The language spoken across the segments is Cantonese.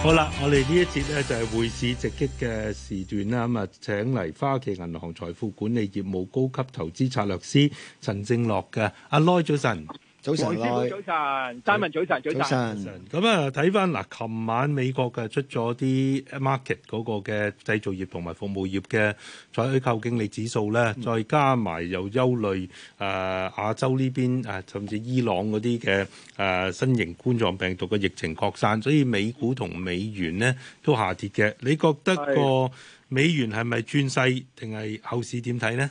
好啦，我哋呢一節咧就係、是、匯市直擊嘅時段啦，咁、嗯、啊，請嚟花旗銀行財富管理業務高級投資策略師陳正犖嘅，阿 Lo 早晨。早晨，早，晨早，早晨，早晨，早晨早晨。咁啊，睇翻嗱，琴晚美國嘅出咗啲 market 嗰個嘅製造業同埋服務業嘅採購經理指數咧，再加埋又憂慮誒、呃、亞洲呢邊誒甚至伊朗嗰啲嘅誒新型冠狀病毒嘅疫情擴散，所以美股同美元呢都下跌嘅。你覺得個美元係咪轉勢定係後市點睇呢？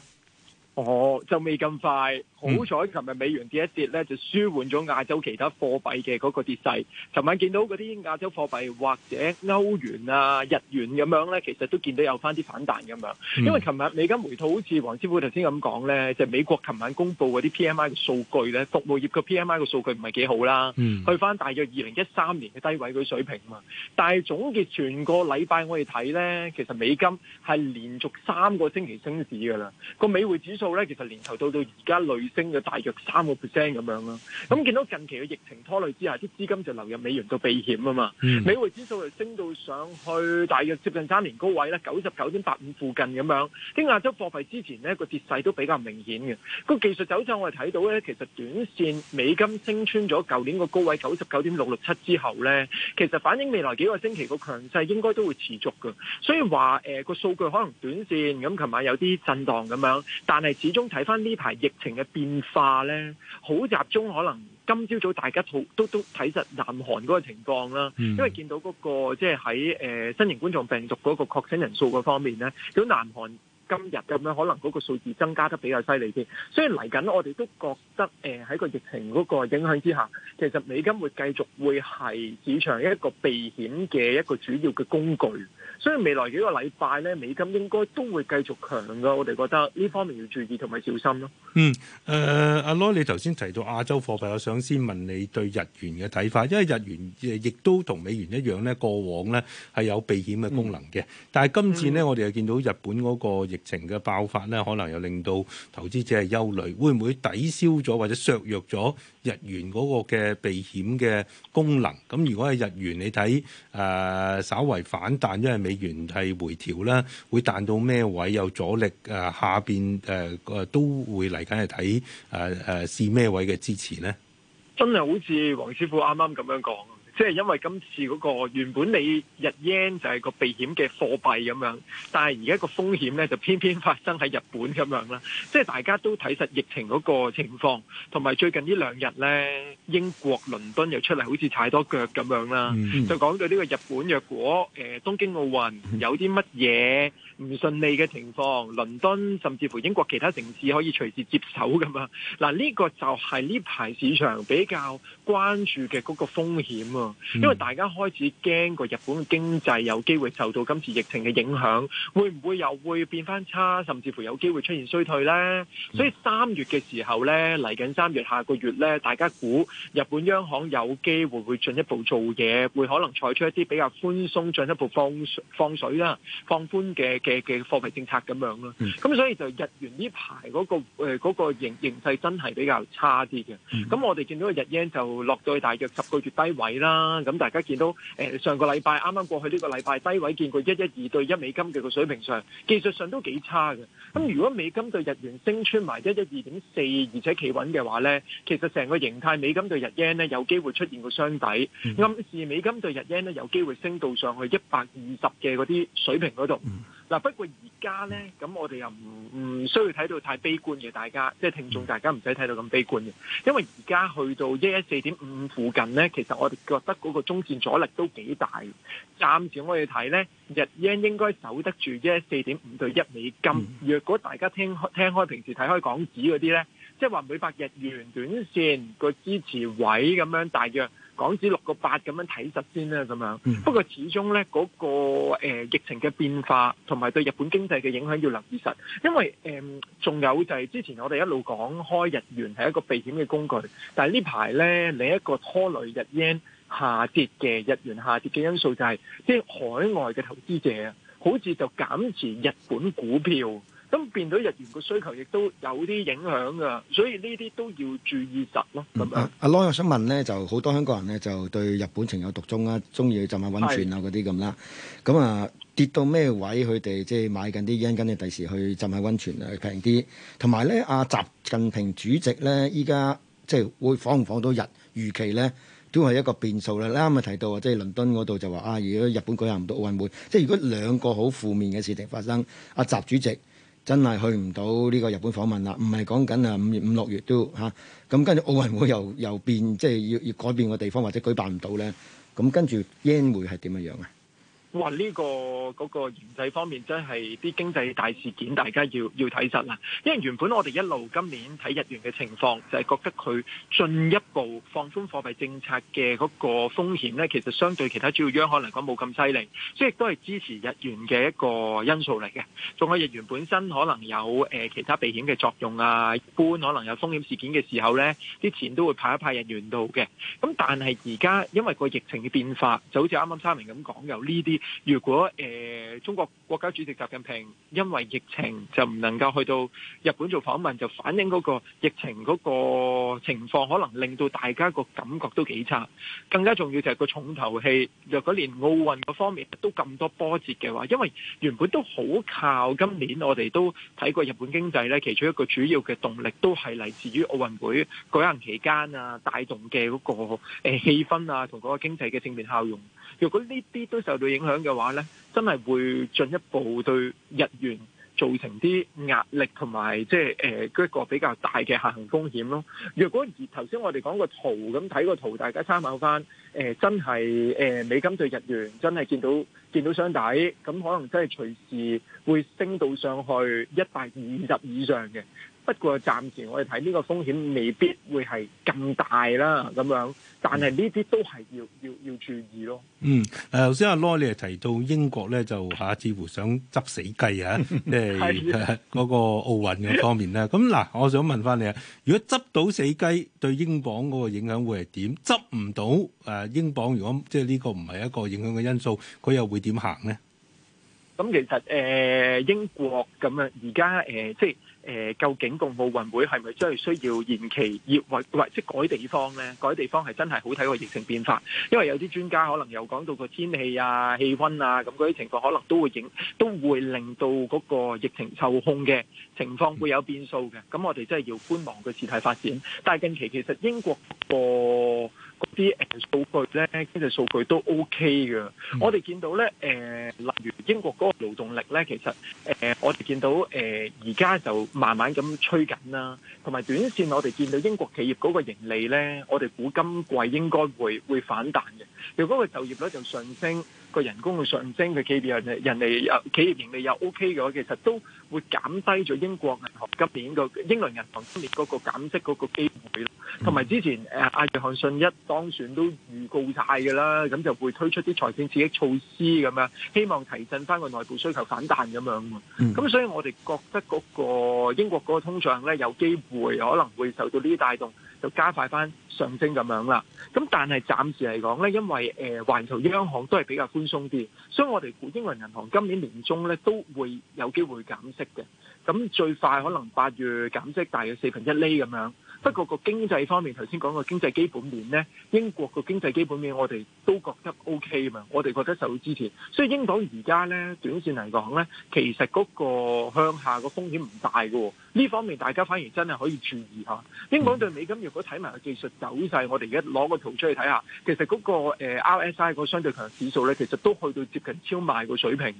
我、哦、就未咁快。嗯、好彩，琴日美元跌一跌咧，就舒緩咗亞洲其他貨幣嘅嗰個跌勢。琴晚見到嗰啲亞洲貨幣或者歐元啊、日元咁樣咧，其實都見到有翻啲反彈咁樣、嗯。因為琴日美金回吐好似黃師傅頭先咁講咧，就係、美國琴晚公布嗰啲 P.M.I 嘅數據咧，服務業嘅 P.M.I 嘅數據唔係幾好啦，嗯、去翻大約二零一三年嘅低位嗰水平啊嘛。但係總結全個禮拜我哋睇咧，其實美金係連續三個星期升市㗎啦。個美匯指數咧，其實年頭到到而家累升咗大約三個 percent 咁樣咯，咁見到近期嘅疫情拖累之下，啲資金就流入美元度避險啊嘛，嗯、美匯指數就升到上去大約接近三年高位咧，九十九點八五附近咁樣。經亞洲貨幣之前呢個跌勢都比較明顯嘅，個技術走勢我哋睇到咧，其實短線美金升穿咗舊年個高位九十九點六六七之後咧，其實反映未來幾個星期個強勢應該都會持續嘅，所以話誒個數據可能短線咁琴晚有啲震盪咁樣，但係始終睇翻呢排疫情嘅。變化咧，好集中，可能今朝早大家都都睇實南韓嗰個情況啦，因為見到嗰、那個即係喺誒新型冠狀病毒嗰個確診人數嗰方面咧，如果南韓，今日咁樣可能嗰個數字增加得比較犀利啲，所以嚟緊我哋都覺得誒喺、呃、個疫情嗰個影響之下，其實美金會繼續會係市場一個避險嘅一個主要嘅工具，所以未來幾個禮拜呢，美金應該都會繼續強噶。我哋覺得呢方面要注意同埋小心咯、啊。嗯，誒、呃，阿 l 你頭先提到亞洲貨幣，我想先問你對日元嘅睇法，因為日元亦都同美元一樣呢，過往呢係有避險嘅功能嘅、嗯，但係今次呢，我哋又見到日本嗰、那個。疫情嘅爆發咧，可能又令到投資者係憂慮會唔會抵消咗或者削弱咗日元嗰個嘅避險嘅功能？咁如果係日元你，你睇誒稍為反彈，因為美元係回調啦，會彈到咩位？有阻力誒下邊、誒、呃、都會嚟緊係睇誒誒試咩位嘅支持咧？真係好似黃師傅啱啱咁樣講。即係因為今次嗰、那個原本你日 yen 就係個避險嘅貨幣咁樣，但係而家個風險咧就偏偏發生喺日本咁樣啦。即係大家都睇實疫情嗰個情況，同埋最近兩呢兩日咧，英國倫敦又出嚟好似踩多腳咁樣啦。就講到呢個日本，若果誒、呃、東京奧運有啲乜嘢？唔順利嘅情況，倫敦甚至乎英國其他城市可以隨時接手㗎嘛？嗱，呢個就係呢排市場比較關注嘅嗰個風險啊、嗯，因為大家開始驚過日本嘅經濟有機會受到今次疫情嘅影響，會唔會又會變翻差，甚至乎有機會出現衰退呢？所以三月嘅時候呢，嚟緊三月下個月呢，大家估日本央行有機會會進一步做嘢，會可能採取一啲比較寬鬆、進一步放放水啦、放寬嘅。嘅嘅貨幣政策咁樣咯，咁、嗯、所以就日元呢排嗰個嗰、呃嗰個、形形勢真係比較差啲嘅。咁、嗯、我哋見到個日元就落到去大約十個月低位啦。咁大家見到、呃、上個禮拜啱啱過去呢個禮拜低位，見過一一二對一美金嘅個水平上，技術上都幾差嘅。咁、嗯、如果美金對日元升穿埋一一二點四，而且企穩嘅話咧，其實成個形態美金對日元咧有機會出現個雙底、嗯，暗示美金對日元咧有機會升到上去一百二十嘅嗰啲水平嗰度。嗯。嗱，不過，而家呢，咁，我哋又唔需要睇到太悲觀嘅，大家，即係聽眾大家唔使睇到咁悲觀嘅。因為而家去到114.5附近呢，其實我哋覺得嗰個中線阻力都幾大。暫時我哋睇呢，日圓應該守得住114.5對一美金，若果大家聽，聽開平時睇開港紙嗰啲呢，即係話每百日元短綫個支持位咁樣大約。港紙六個八咁樣睇實先啦，咁樣。不過始終咧、那個，嗰、呃、個疫情嘅變化同埋對日本經濟嘅影響要留意實。因為誒仲、呃、有就係、是、之前我哋一路講開日元係一個避險嘅工具，但係呢排咧，另一個拖累日元下跌嘅日元下跌嘅因素就係、是、即係海外嘅投資者好似就減持日本股票。咁變到日元嘅需求亦都有啲影響噶，所以呢啲都要注意實咯。咁阿 Law 又想問咧，就好多香港人咧就對日本情有獨鍾啦，中意去浸下溫泉啊嗰啲咁啦。咁啊跌到咩位佢哋即係買緊啲煙，跟你第時去浸下溫泉啊平啲。同埋咧，阿習近平主席咧依家即係會訪唔訪到日？預期咧都係一個變數啦。你啱咪提到啊，即係倫敦嗰度就話啊，如果日本舉行唔到奧運會，即係如果兩個好負面嘅事情發生，阿、啊、習主席。真係去唔到呢個日本訪問啦，唔係講緊啊五月五六月都咁、啊、跟住奧運會又又變，即係要要改變個地方或者舉辦唔到咧，咁跟住日圓會係點樣樣啊？哇！呢、這個嗰、那個經濟方面真係啲經濟大事件，大家要要睇實啦。因為原本我哋一路今年睇日元嘅情況，就係、是、覺得佢進一步放寬貨幣政策嘅嗰個風險呢，其實相對其他主要央行嚟講冇咁犀利，所以亦都係支持日元嘅一個因素嚟嘅。仲有日元本身可能有、呃、其他避險嘅作用啊，一般可能有風險事件嘅時候呢，啲錢都會派一派日元度嘅。咁但係而家因為個疫情嘅變化，就好似啱啱三明咁講，有呢啲。如果誒、呃、中國國家主席習近平因為疫情就唔能夠去到日本做訪問，就反映嗰個疫情嗰個情況，可能令到大家個感覺都幾差。更加重要就係個重頭戲，若果連奧運嗰方面都咁多波折嘅話，因為原本都好靠今年我哋都睇過日本經濟咧，其中一個主要嘅動力都係嚟自於奧運會舉行期間啊，帶動嘅嗰個誒氣氛啊，同嗰個經濟嘅正面效用。如果呢啲都受到影響嘅話呢，真係會進一步對日元造成啲壓力同埋、就是，即係誒一個比較大嘅下行風險咯。如果而頭先我哋講個圖咁睇個圖，大家參考翻誒、呃，真係誒、呃、美金對日元真係見到見到雙底，咁可能真係隨時會升到上去一百二十以上嘅。不過暫時我哋睇呢個風險未必會係咁大啦，咁樣，但係呢啲都係要要要注意咯。嗯，誒，頭先阿 Lo 你係提到英國咧就吓似乎想執死雞啊，即係嗰個奧運嘅方面咧。咁嗱，我想問翻你啊，如果執到死雞，對英鎊嗰個影響會係點？執唔到誒，英鎊如果即係呢個唔係一個影響嘅因素，佢又會點行咧？咁其實誒、呃、英國咁樣而家、呃、即係誒、呃、究竟個奧運會係咪真係需要延期？要或唔即改地方咧？改地方係真係好睇個疫情變化，因為有啲專家可能又講到個天氣啊、氣温啊咁嗰啲情況，可能都會影都會令到嗰個疫情受控嘅情況會有變數嘅。咁我哋真係要觀望個事態發展。但近期其實英國、個嗰啲誒數據咧，經濟數據都 OK 嘅。我哋見到咧，誒、呃、例如英國嗰個勞動力咧，其實誒、呃、我哋見到誒而家就慢慢咁催緊啦。同埋短線，我哋見到英國企業嗰個盈利咧，我哋估今季應該會會反彈嘅。如果個就業率就上升。個人工嘅上升，佢 GDP 人哋、人哋又企業盈利又 OK 嘅話，其實都會減低咗英國銀行今年個英倫銀行今年嗰個減息嗰個機會，同埋之前誒阿約翰遜一當選都預告晒㗎啦，咁就會推出啲財政刺激措施咁樣，希望提振翻個內部需求反彈咁樣喎。咁所以我哋覺得嗰個英國嗰個通脹呢，有機會可能會受到呢啲帶動。就加快翻上升咁樣啦，咁但係暫時嚟講咧，因為誒環球央行都係比較寬鬆啲，所以我哋英倫銀行今年年中咧都會有機會減息嘅，咁最快可能八月減息大約四分一厘咁樣。不過個經濟方面，頭先講個經濟基本面咧，英國個經濟基本面我哋都覺得 OK 嘛，我哋覺得受支持，所以英鎊而家咧，短線嚟講咧，其實嗰個向下個風險唔大噶，呢方面大家反而真係可以注意下。英鎊對美金，如果睇埋技術走勢，我哋而家攞個圖出去睇下，其實嗰個誒 RSI 個相對強指數咧，其實都去到接近超賣個水平。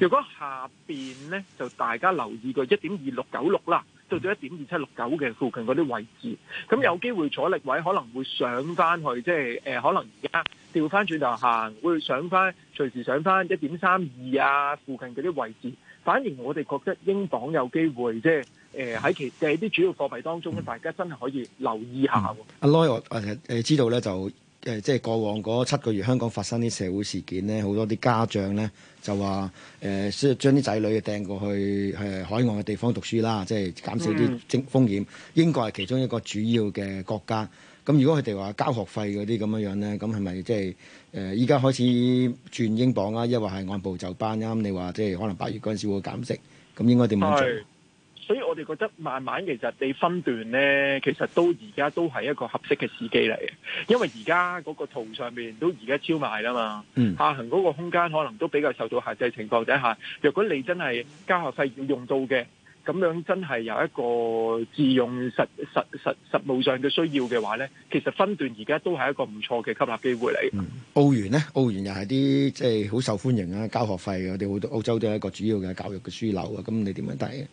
如果下邊咧，就大家留意個一點二六九六啦。到咗一點二七六九嘅附近嗰啲位置，咁有機會阻力位可能會上翻去，即係誒可能而家調翻轉頭行，會上翻隨時上翻一點三二啊附近嗰啲位置。反而我哋覺得英鎊有機會，即係誒喺其誒啲主要貨幣當中咧，大家真係可以留意下。阿 Leo 誒知道咧就。誒、呃、即係過往嗰七個月，香港發生啲社會事件咧，好多啲家長咧就話誒、呃，將啲仔女掟過去誒、呃、海外嘅地方讀書啦，即係減少啲精風險。嗯、英國係其中一個主要嘅國家。咁如果佢哋話交學費嗰啲咁樣樣咧，咁係咪即係誒，依、呃、家開始轉英鎊啊，抑或係按部就班啊？咁你話即係可能八月嗰陣時候會減息，咁應該點樣做？所以我哋覺得慢慢其實你分段咧，其實都而家都係一個合適嘅時機嚟嘅。因為而家嗰個圖上面都而家超賣啦嘛，下行嗰個空間可能都比較受到限制情況底下。若果你真係交學費要用到嘅，咁樣真係有一個自用實實實實務上嘅需要嘅話咧，其實分段而家都係一個唔錯嘅吸納機會嚟。澳元咧，澳元又係啲即係好受歡迎啊，交學費嘅。我哋好多澳洲都係一個主要嘅教育嘅樞紐啊。咁你點樣睇？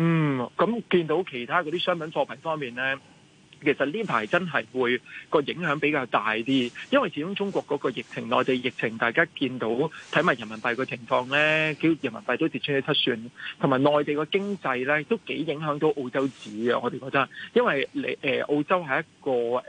嗯，咁見到其他嗰啲商品貨品方面咧，其實呢排真係會個影響比較大啲，因為始終中國嗰個疫情、內地疫情，大家見到睇埋人民幣嘅情況咧，佢人民幣都跌穿咗七算，同埋內地個經濟咧都幾影響到澳洲紙啊！我哋覺得，因為你、呃、澳洲係一個誒，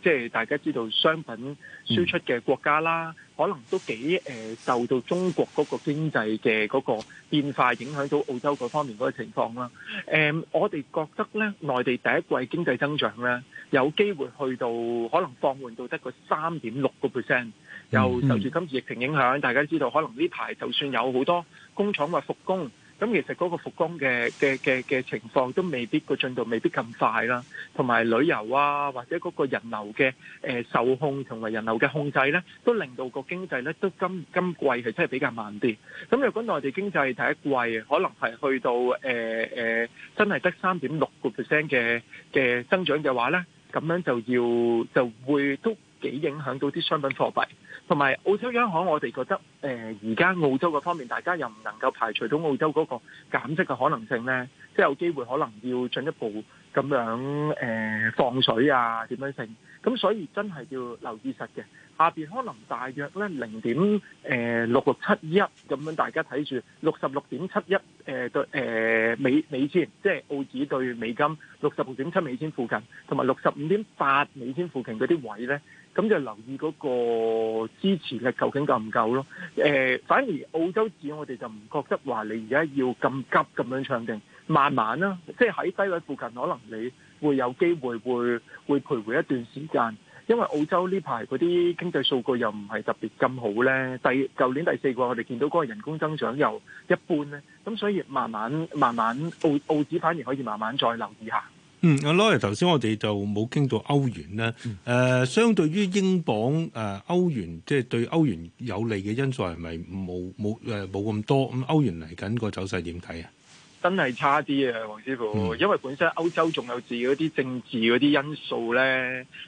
即、呃、係大家知道商品輸出嘅國家啦。嗯可能都幾誒受到中國嗰個經濟嘅嗰個變化影響到澳洲嗰方面嗰個情況啦。誒，我哋覺得咧，內地第一季經濟增長咧，有機會去到可能放緩到得個三點六個 percent，又受住今次疫情影響，大家知道可能呢排就算有好多工廠話復工。咁其實嗰個復工嘅嘅嘅嘅情況都未必，個進度未必咁快啦，同埋旅遊啊或者嗰個人流嘅誒受控同埋人流嘅控制咧，都令到個經濟咧都今今季係真係比較慢啲。咁如果內地經濟第一季可能係去到誒誒真係得三點六個 percent 嘅嘅增長嘅話咧，咁樣就要就會都。幾影響到啲商品貨幣，同埋澳洲央行，我哋覺得誒而家澳洲嘅方面，大家又唔能夠排除到澳洲嗰個減息嘅可能性呢，即係有機會可能要進一步咁樣誒、呃、放水啊點樣性，咁所以真係要留意實嘅。下邊可能大約呢，零點誒六六七一咁樣，大家睇住六十六點七一誒對誒美美仙，即係澳紙對美金六十六點七美仙附近，同埋六十五點八美仙附近嗰啲位呢。咁就留意嗰個支持力究竟夠唔夠咯？呃，反而澳洲指我哋就唔覺得話你而家要咁急咁樣唱定，慢慢啦、啊，即係喺低位附近，可能你會有機會會會徘徊一段時間，因為澳洲呢排嗰啲經濟數據又唔係特別咁好咧。第舊年第四季我哋見到嗰個人工增長又一般咧，咁所以慢慢慢慢澳澳指反而可以慢慢再留意下。嗯，阿 Larry，頭先我哋就冇傾到歐元啦。誒、嗯呃，相對於英鎊，誒、呃、歐元，即、就、係、是、對歐元有利嘅因素係咪冇冇誒冇咁多？咁、嗯、歐元嚟緊個走勢點睇啊？真係差啲啊，黃師傅，因為本身歐洲仲有自己啲政治嗰啲因素呢，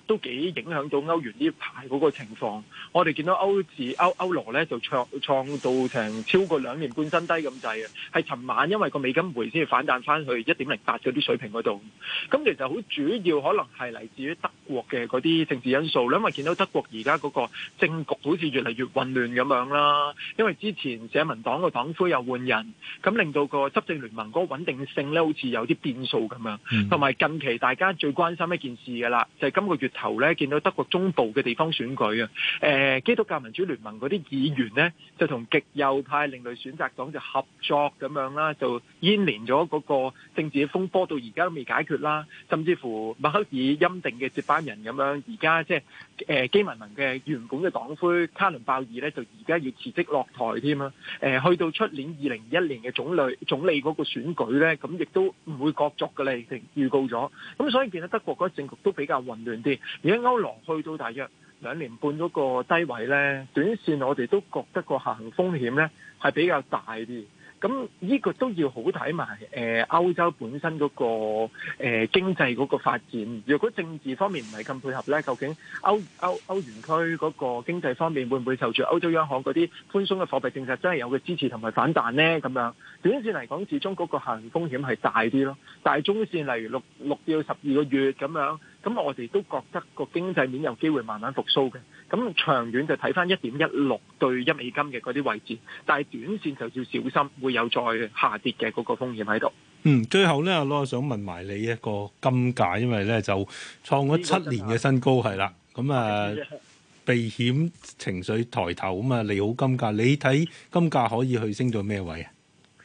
都幾影響到歐元呢排嗰個情況。我哋見到歐字歐歐，歐羅呢，就創創到成超過兩年半新低咁滯啊！係尋晚因為個美金回先至反彈翻去一點零八嗰啲水平嗰度。咁其實好主要可能係嚟自於德國嘅嗰啲政治因素。因為見到德國而家嗰個政局好似越嚟越混亂咁樣啦，因為之前社民黨個黨魁又換人，咁令到個執政聯盟。嗰個穩定性咧，好似有啲變數咁樣，同埋近期大家最關心一件事嘅啦，就係今個月頭咧見到德國中部嘅地方選舉啊。誒，基督教民主聯盟嗰啲議員呢，就同極右派另類選擇黨就合作咁樣啦，就牽連咗嗰個政治嘅風波到而家都未解決啦。甚至乎默克爾欽定嘅接班人咁樣，而家即係誒基民盟嘅原本嘅黨魁卡倫鮑爾呢，就而家要辭職落台添啦。誒，去到出年二零二一年嘅總類總理嗰選舉咧，咁亦都唔會角逐嘅咧，預告咗。咁所以見到德國嗰個政局都比較混亂啲。而家歐羅去到大約兩年半嗰個低位咧，短線我哋都覺得個下行風險咧係比較大啲。咁呢個都要好睇埋，誒、呃、歐洲本身嗰、嗰個誒、呃、經濟嗰個發展。若果政治方面唔係咁配合咧，究竟歐歐歐元區嗰個經濟方面會唔會受住歐洲央行嗰啲寬鬆嘅貨幣政策真係有嘅支持同埋反彈咧？咁樣短線嚟講，始終嗰個下行風險係大啲咯。但係中線例如六六至到十二個月咁樣。咁我哋都覺得個經濟面有機會慢慢復甦嘅，咁長遠就睇翻一點一六對一美金嘅嗰啲位置，但係短線就要小心，會有再下跌嘅嗰個風險喺度。嗯，最後咧，阿犖想問埋你一個金價，因為咧就創咗七年嘅新高係啦，咁啊避險情緒抬頭，咁啊利好金價，你睇金價可以去升到咩位啊？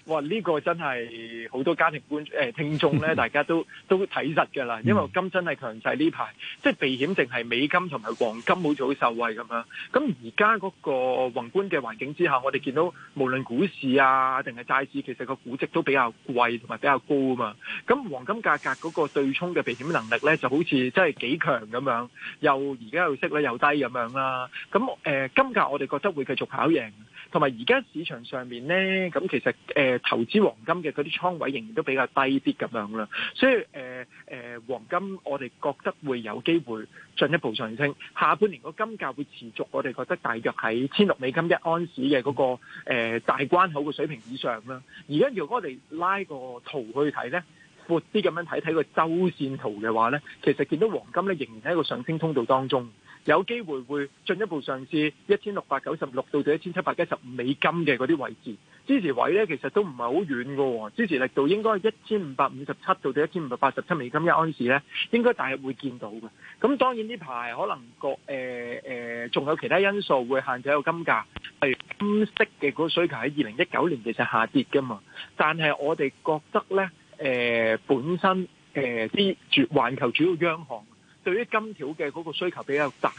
哇！呢、這個真係好多家庭觀眾誒、呃、聽眾咧，大家都都睇實㗎啦。因為金真係強勢呢排，即係避險，淨係美金同埋黃金好似好受惠咁樣。咁而家嗰個宏觀嘅環境之下，我哋見到無論股市啊，定係債市，其實個估值都比較貴同埋比較高啊嘛。咁黃金價格嗰個對沖嘅避險能力咧，就好似真係幾強咁樣。又而家又息呢，又低咁樣啦。咁誒、呃，金價我哋覺得會繼續跑贏。同埋而家市場上面呢，咁其實誒、呃、投資黃金嘅嗰啲倉位仍然都比較低啲咁樣啦，所以誒誒、呃呃、黃金我哋覺得會有機會進一步上升，下半年個金價會持續，我哋覺得大約喺千六美金一盎司嘅嗰個、呃、大關口嘅水平以上啦。而家如果我哋拉個圖去睇呢，闊啲咁樣睇睇個周線圖嘅話呢，其實見到黃金呢仍然喺一個上升通道當中。有機會會進一步上至一千六百九十六到到一千七百一十五美金嘅嗰啲位置，支持位咧，其實都唔係好遠嘅、哦，支持力度應該一千五百五十七到到一千五百八十七美金一盎司咧，應該大約會見到嘅。咁當然呢排可能個誒誒，仲、呃呃、有其他因素會限制一個金價，譬如金色嘅個需求喺二零一九年其實下跌嘅嘛。但係我哋覺得咧，誒、呃、本身誒啲環球主要央行。對於金條嘅嗰個需求比較大，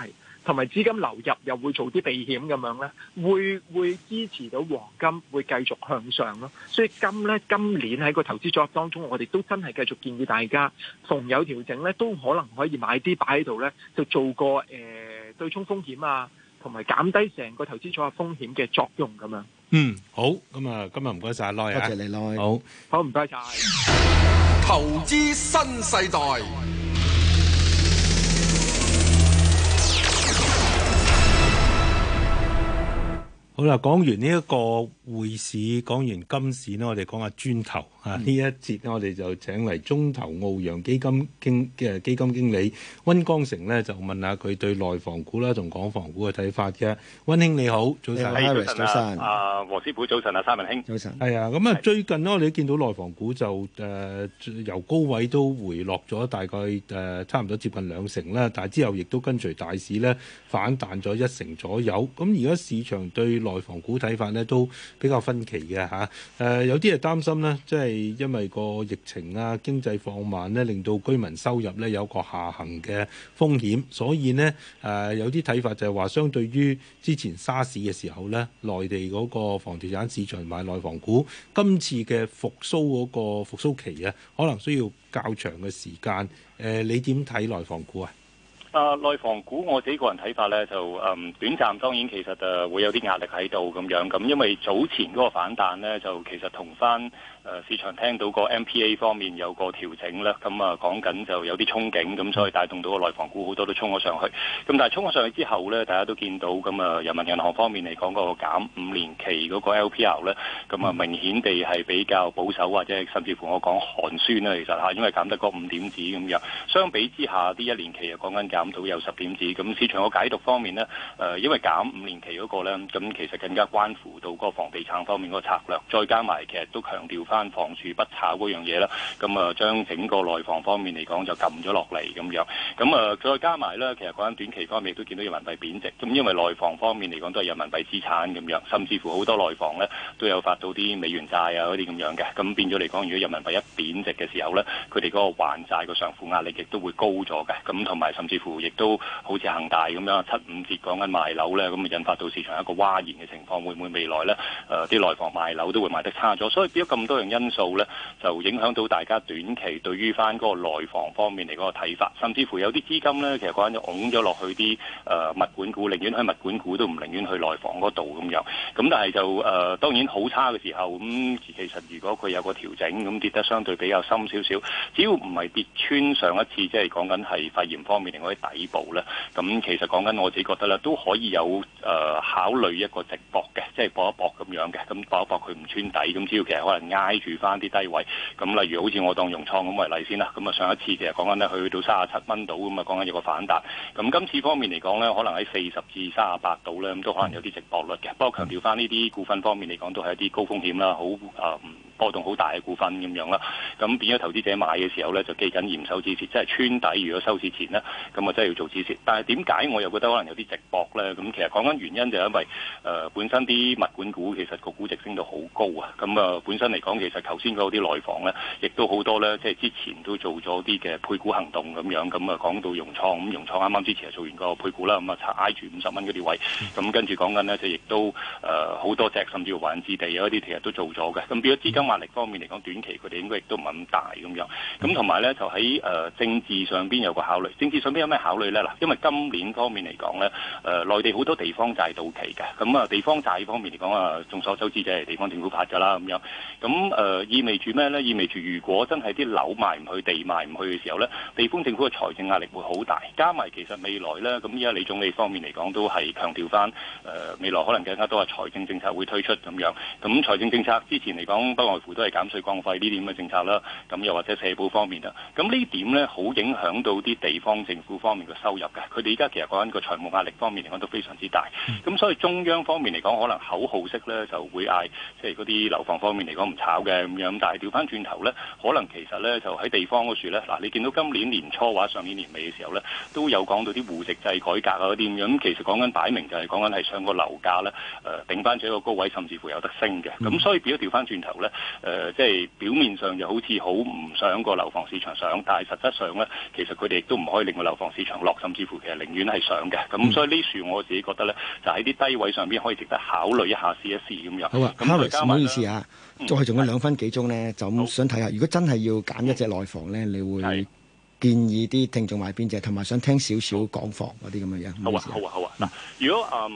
同埋資金流入又會做啲避險咁樣呢，會會支持到黃金會繼續向上咯。所以今呢今年喺個投資組合當中，我哋都真係繼續建議大家，逢有調整呢，都可能可以買啲擺喺度呢，就做個誒、呃、對沖風險啊，同埋減低成個投資組合風險嘅作用咁樣。嗯，好，咁啊，今日唔該曬，犖，多謝你，犖，好，好唔該晒，投資新世代。好啦，講完呢一個匯市，講完金市呢，我哋講下磚頭。呢一節我哋就請嚟中投傲揚基金經嘅基金經理溫鋼城呢，就問下佢對內房股啦同港房股嘅睇法嘅。溫兄你好，早晨，早晨、啊，啊，黃師傅早晨啊，三文兄早晨。係啊，咁啊，最近咧，我哋見到內房股就誒、呃、由高位都回落咗大概誒、呃、差唔多接近兩成啦，但係之後亦都跟隨大市呢，反彈咗一成左右。咁而家市場對內房股睇法呢，都比較分歧嘅嚇。誒、啊、有啲係擔心咧，即係。因為個疫情啊、經濟放慢咧，令到居民收入咧有個下行嘅風險，所以呢，誒有啲睇法就係話，相對於之前沙士嘅時候咧，內地嗰個房地產市場買內房股，今次嘅復甦嗰個復甦期啊，可能需要較長嘅時間。誒，你點睇內房股啊？啊，內房股我自己個人睇法呢，就嗯短暫當然其實誒、啊、會有啲壓力喺度咁樣咁，因為早前嗰個反彈呢，就其實同翻、呃、市場聽到個 MPA 方面有個調整啦，咁啊講緊就有啲憧憬，咁所以帶動到個內房股好多都衝咗上去。咁但係衝咗上去之後呢，大家都見到咁啊，人民銀行方面嚟講，嗰個減五年期嗰個 LPR 呢，咁啊明顯地係比較保守或者甚至乎我講寒酸啦，其實嚇，因為減得嗰五點子咁樣，樣。相比之下，啲一年期又講緊減。到有十點字咁，市場個解讀方面呢，誒、呃，因為減五年期嗰個咧，咁其實更加關乎到嗰個房地產方面嗰個策略，再加埋其實都強調翻房住不炒嗰樣嘢啦，咁啊將整個內房方面嚟講就撳咗落嚟咁樣，咁啊再加埋呢，其實講緊短期方面都見到人民幣貶值，咁因為內房方面嚟講都係人民幣資產咁樣，甚至乎好多內房呢都有發到啲美元債啊嗰啲咁樣嘅，咁變咗嚟講，如果人民幣一貶值嘅時候呢，佢哋嗰個還債個償付壓力亦都會高咗嘅，咁同埋甚至乎。亦都好似恒大咁樣七五折講緊賣樓咧，咁引發到市場一個嘩然嘅情況，會唔會未來呢啲、呃、內房賣樓都會賣得差咗，所以變咗咁多樣因素呢，就影響到大家短期對於翻嗰個內房方面嚟嗰個睇法，甚至乎有啲資金呢，其實講緊要拱咗落去啲、呃、物管股，寧願喺物管股都唔寧願去內房嗰度咁樣。咁但係就誒、呃，當然好差嘅時候咁、嗯，其實如果佢有個調整，咁跌得相對比較深少少，只要唔係跌穿上一次，即係講緊係肺炎方面底部咧，咁其實講緊我自己覺得咧，都可以有、呃、考慮一個直博嘅，即係博一博咁樣嘅，咁博一博佢唔穿底，咁只要其實可能挨住翻啲低位，咁例如好似我當融創咁為例先啦，咁啊上一次其實講緊咧去到三啊七蚊度咁啊，講緊有個反彈，咁今次方面嚟講咧，可能喺四十至三啊八度咧，咁都可能有啲直博率嘅。不過強調翻呢啲股份方面嚟講，都係一啲高風險啦，好波動好大嘅股份咁樣啦，咁變咗投資者買嘅時候咧就記緊嚴守止蝕，即係穿底如果收市前呢，咁啊真係要做止蝕。但係點解我又覺得可能有啲值博咧？咁其實講緊原因就係因為誒、呃、本身啲物管股其實個估值升到好高啊，咁啊本身嚟講其實頭先嗰啲內房咧，亦都好多咧，即係之前都做咗啲嘅配股行動咁樣，咁啊講到融創，咁融創啱啱之前啊做完個配股啦，咁啊踩住五十蚊嗰啲位，咁跟住講緊咧就亦都誒好、呃、多隻甚至還置地嗰啲其實都做咗嘅，咁變咗資金。壓力方面嚟講，短期佢哋應該亦都唔係咁大咁樣。咁同埋呢，就喺誒政治上邊有個考慮。政治上邊有咩考慮呢？嗱，因為今年方面嚟講呢，誒、呃、內地好多地方債到期嘅。咁、嗯、啊，地方債方面嚟講啊，眾所周知就係地方政府發㗎啦咁樣。咁、嗯、誒、呃、意味住咩呢？意味住如果真係啲樓賣唔去、地賣唔去嘅時候呢，地方政府嘅財政壓力會好大。加埋其實未來呢，咁依家李總理方面嚟講都係強調翻誒未來可能更加多嘅財政政策會推出咁樣。咁財政政策之前嚟講，不論。都係減稅降費呢啲咁嘅政策啦，咁又或者社保方面啦，咁呢點呢，好影響到啲地方政府方面嘅收入嘅，佢哋依家其實講緊個財務壓力方面嚟講都非常之大，咁所以中央方面嚟講，可能口號式呢就會嗌，即係嗰啲樓房方面嚟講唔炒嘅咁樣，但係調翻轉頭呢，可能其實呢，就喺地方嗰處呢，嗱你見到今年年初或者上年年尾嘅時候呢，都有講到啲戶籍制改革啊嗰啲咁，其實講緊擺明就係講緊係上個樓價呢，誒頂翻住一個高位，甚至乎有得升嘅，咁所以變咗調翻轉頭呢。誒、呃，即係表面上就好似好唔想個樓房市場上，但係實質上咧，其實佢哋亦都唔可以令個樓房市場落，甚至乎其實寧願係上嘅。咁所以呢樹，我自己覺得咧，就喺啲低位上邊可以值得考慮一下試一試咁樣。好啊，嘉 x 唔好意思啊，再仲咗兩分幾鐘咧，就想睇下，如果真係要揀一隻內房咧，你會？建議啲聽眾買邊隻，同埋想聽少少講房嗰啲咁嘅樣。好啊，好啊，好啊。嗱，如果、呃、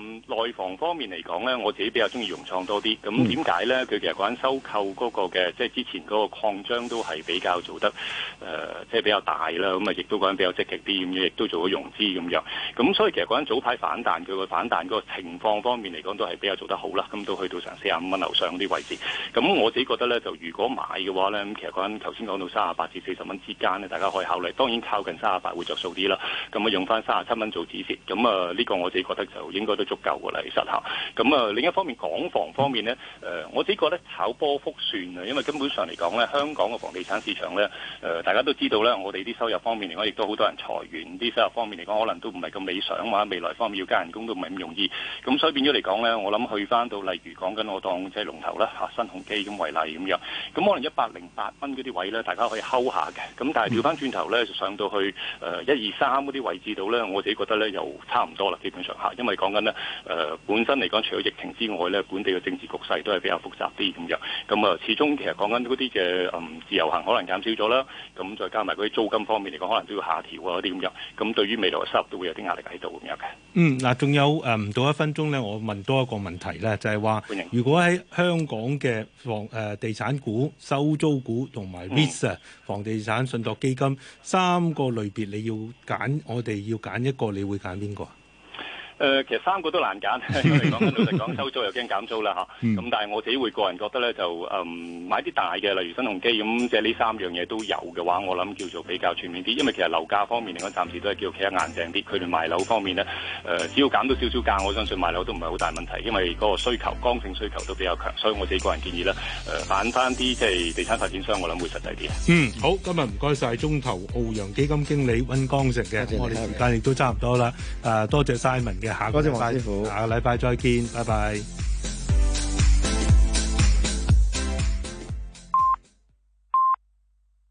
內房方面嚟講咧，我自己比較中意融創多啲。咁點解咧？佢、嗯、其實講緊收購嗰個嘅，即、就、係、是、之前嗰個擴張都係比較做得即係、呃就是、比較大啦。咁啊，亦都講緊比較積極啲，咁樣亦都做咗融資咁樣。咁所以其實講緊早排反彈，佢、那個反彈嗰個情況方面嚟講，都係比較做得好啦。咁都去到成四十五蚊樓上啲位置。咁我自己覺得咧，就如果買嘅話咧，咁其實講緊頭先講到三十八至四十蚊之間咧，大家可以考慮。當然靠近卅八會着數啲啦，咁啊用翻卅七蚊做止蝕，咁啊呢個我自己覺得就應該都足夠㗎啦，其實下，咁啊另一方面，港房方面呢，誒我自己覺得炒波幅算啊，因為根本上嚟講呢，香港嘅房地產市場呢，誒大家都知道呢，我哋啲收入方面嚟講，亦都好多人裁員，啲收入方面嚟講，可能都唔係咁理想或者未來方面要加人工都唔係咁容易，咁所以變咗嚟講呢，我諗去翻到例如講緊我當即係龍頭啦嚇，新鴻基咁為例咁樣，咁可能一百零八蚊嗰啲位呢，大家可以睺下嘅，咁但係調翻轉頭呢。上到去誒一二三嗰啲位置度咧，我自己覺得咧又差唔多啦，基本上嚇，因為講緊呢誒本身嚟講，除咗疫情之外咧，本地嘅政治局勢都係比較複雜啲咁樣。咁、嗯、啊，始終其實講緊嗰啲嘅誒自由行可能減少咗啦，咁、嗯、再加埋嗰啲租金方面嚟講，可能都要下調啊啲咁樣。咁對於未來嘅收入都會有啲壓力喺度咁樣嘅。嗯，嗱、啊，仲有誒唔到一分鐘咧，我問多一個問題咧，就係、是、話，如果喺香港嘅房誒、呃、地產股、收租股同埋 REITs、嗯、房地產信託基金。三個類別，你要揀，我哋要揀一個，你會揀邊個啊？誒、呃，其實三個都難揀嚟講，老實講，收租又驚減租啦嚇。咁但係我自己會個人覺得咧，就誒買啲大嘅，例如新鴻基咁，即係呢三樣嘢都有嘅話，我諗叫做比較全面啲。因為其實樓價方面，另外暫時都係叫企得硬淨啲。佢哋賣樓方面咧，誒只要減到少少價，我相信賣樓都唔係好大問題，因為嗰個需求剛性需求都比較強。所以我自己個人建議咧，誒揀返啲，即係地產發展商，我諗會實際啲。嗯，好，今日唔該晒中投傲揚基金經理溫鋼城嘅，我哋時間亦都差唔多啦。誒，多謝 Simon 嘅。下個多謝黃師傅。下個禮拜再見，拜拜。